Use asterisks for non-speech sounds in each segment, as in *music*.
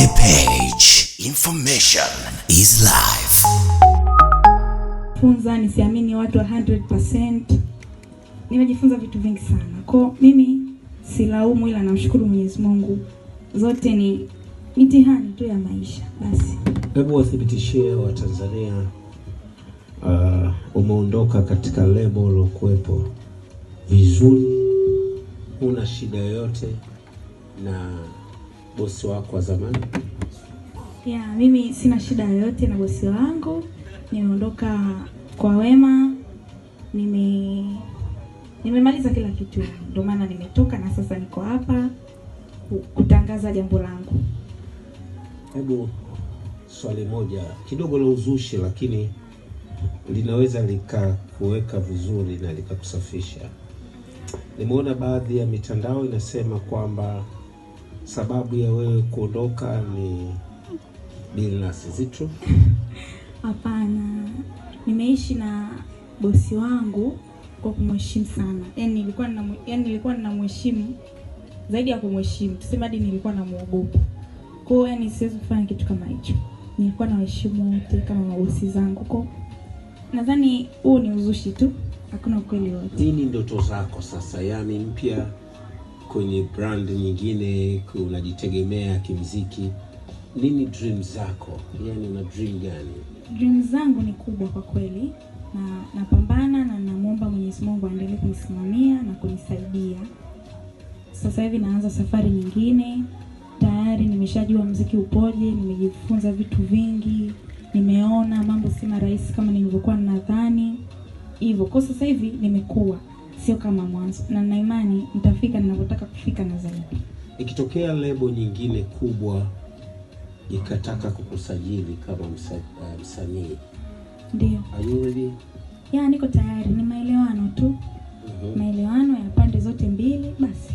The page. Information is live Funza nisiamini watu wa 100%. Nimejifunza vitu vingi sana. Kwa mimi silaumu ila namshukuru Mwenyezi Mungu. Zote ni mitihani tu ya maisha basi. Hebu wathibitishie Watanzania uh, umeondoka katika lebo uliokuwepo vizuri, huna shida yoyote na bosi wako wa zamani? Yeah, mimi sina shida yoyote na bosi wangu. Nimeondoka kwa wema, nime nimemaliza kila kitu, ndio maana nimetoka na sasa niko hapa kutangaza jambo langu. Hebu swali moja kidogo la uzushi, lakini linaweza likakuweka vizuri na likakusafisha. Nimeona baadhi ya mitandao inasema kwamba sababu ya wewe kuondoka ni bilnasi zitu? *laughs* Hapana, nimeishi na bosi wangu kwa kumheshimu sana, yaani nilikuwa na, yaani nilikuwa ninamheshimu zaidi ya kumheshimu, tuseme hadi nilikuwa namuogopa. Kwa hiyo yaani siwezi kufanya kitu kama hicho, nilikuwa na waheshimu wote kama mabosi zangu. Kwa nadhani huu ni uzushi tu, hakuna ukweli wote. Nini ndoto zako sasa, yaani mpya kwenye brand nyingine, unajitegemea kimziki. Nini dream zako? Yani una dream gani? Dream zangu ni kubwa kwa kweli, na napambana na namwomba Mwenyezi Mungu aendelee kunisimamia na kunisaidia. Sasa hivi naanza safari nyingine, tayari nimeshajua mziki upoje, nimejifunza vitu vingi, nimeona mambo si marahisi kama nilivyokuwa ninadhani hivyo. Kwa sasa hivi nimekuwa sio kama mwanzo, na naimani imani nitafika ninapotaka kufika na zaidi. Ikitokea lebo nyingine kubwa ikataka kukusajili kama eh, msanii, ndio ayuri ya niko tayari, ni maelewano tu uh-huh. maelewano ya pande zote mbili basi.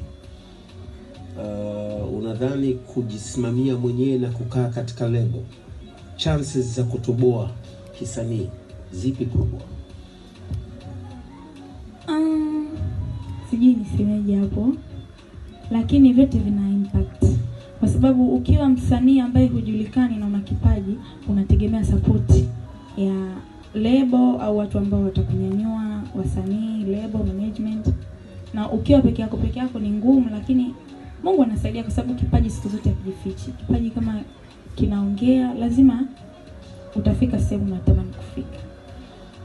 Uh, unadhani kujisimamia mwenyewe na kukaa katika lebo, chances za kutoboa kisanii zipi kubwa? sijui nisemeje hapo, lakini vyote vina impact kwa sababu ukiwa msanii ambaye hujulikani na una kipaji, unategemea sapoti ya lebo au watu ambao watakunyanyua, wasanii, lebo, management. Na ukiwa peke yako peke yako ni ngumu, lakini Mungu anasaidia, kwa sababu kipaji siku zote hakijifichi. Kipaji kama kinaongea, lazima utafika sehemu unatamani kufika.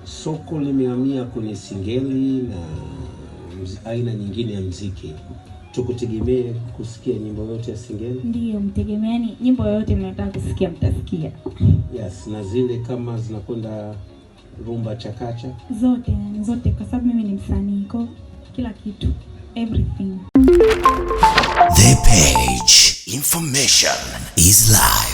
Soko limehamia kwenye singeli na aina nyingine ya mziki, tukutegemee kusikia nyimbo yote ya Singeli? Ndiyo, mtegemeani nyimbo yoyote mnataka kusikia mtasikia. Yes, na zile kama zinakwenda rumba chakacha zote zote, kwa sababu mimi ni msanii, ko kila kitu everything. The page information is live.